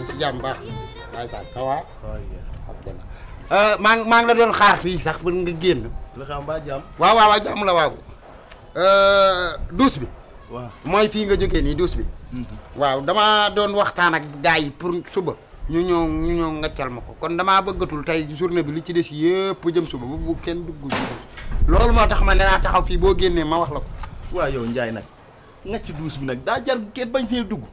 maa ngi ci jàmm baax waaye sax ça va. maa maa ngi la doon xaar fii sax pour nga génn. la xam ba jàmm. waaw waaw waaw jàmm la waaw. douche bi. waaw mooy fii nga jógee nii douche bi. waaw damaa doon waxtaan ak gars yi pour suba. ñu ñëw ñu ñëw ngaccal ma ko kon damaa bëggatul tey journée bi li ci des yëpp jëm suba bu bu kenn dugg si loolu tax ma danaa taxaw fii boo génnee ma wax la ko. waaw yow Ndiaye nag ngacc douche bi nag daa jar kenn bañ fee dugg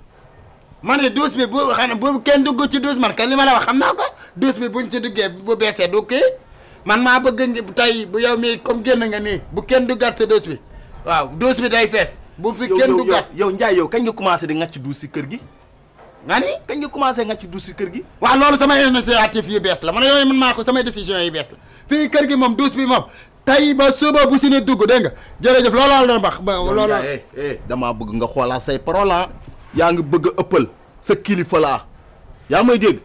mané ne bi bu xana bu kenn duggu ci douche man kay li la wax xamna ko douche bi buñ ci duggé bu beesee du kii man ma bëgg tay bu yow mi comme genn nga ni bu kenn du gatt douche bi waaw douche bi day fess bu fi kenn gatt yow Ndiaye yow kañ nga commencé di ngacc douche ci kër gi. nga ni kañ nga commencé ngacc douche ci kër gi. waaw lolu sama initiative yu bees la man yooyu man mako sama décision yu bees la fi kër gi mom douche bi mom tay ba suba bu sine ne dugg de nga jërëjëf lolu la doon lolu eh eh dama bëgg nga xolal say parole ah. yaa ngi bëgg ëppal sa kilifa laa yaa may dégg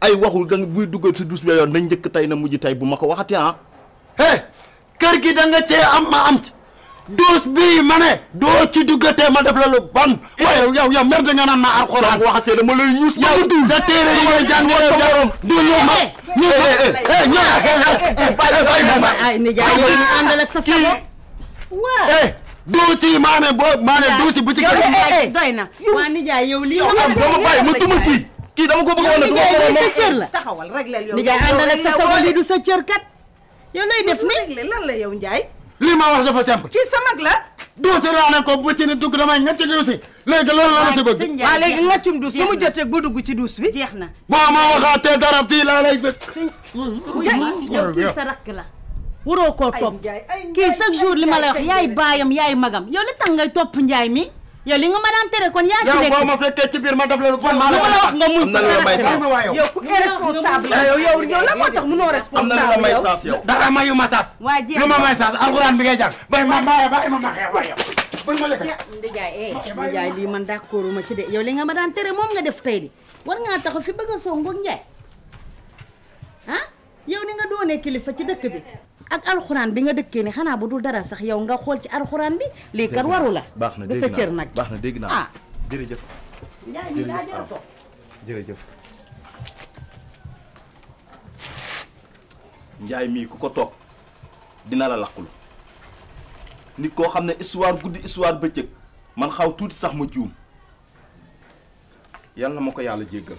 ay waxul da buy dugga si douche bi yoon nañ njëkk tey na mujj tey bu ma ko waxati ah. hey kër gi da nga cee am ma am douche bii ma ne doo ci duggatee ma def la lu bon. waaye yow yow mer da nga naan ma alxuraan waxatee dama lay ñuus. ma ko duul sa téere yi ngay jàng yow duuti maa ne boo maa ne duuti bu ci kër doy na waa nijaay yow lii dama bàyyi ma duma kii kii dama ko bëgg a wane du sa cër la taxawal réglel yow nijaay àndal ak sa sago lii du sa cër kat yow lay def ni lan la yow Ndiaye lii ma wax dafa simple kii sa mag la duusi laa ne ko bu ci ne dugg damay ngacc duusi léegi loolu la la si bëgg waaw léegi ngaccum duus lu mu jotee bu dugg ci duus bi jeex na boo ma waxaatee dara fii laa lay bëgg yow kii sa rakk la waroo koo topp kii chaque jour li ma lay wax yaay baayam yaay magam yow li tax ngay topp njaay mi yow li nga ma daan tere kon yaa ci nekk yow boo ma fekkee ci biir ma def leen kon maa la wax nga muñ yow ku yow la moo tax mënoo responsable yow ma saas ma may saas alxuraan bi ba ma ma xeex waay yow buñ ma lekk ndijaay ndijaay lii man d'accord ma ci li nga ma daan tere moom nga def tey di war ngaa taxaw fi bëgg a songoog njaay ah yow ni nga doonee fa ci dëkk bi ak alxuraan bi nga dëkkee ni xanaa bu dul dara sax yow nga xool ci alxuraan bi lii kat waru la baax na du sa cër nag baax na dégg naa ah jërëjëf njaay mi ah. mii ku ko toog dina la laqul nit koo xam ne histoire guddi histoire bëccëg man xaw tuuti sax ma juum yal na ma ko yàlla jéggal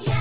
Yeah.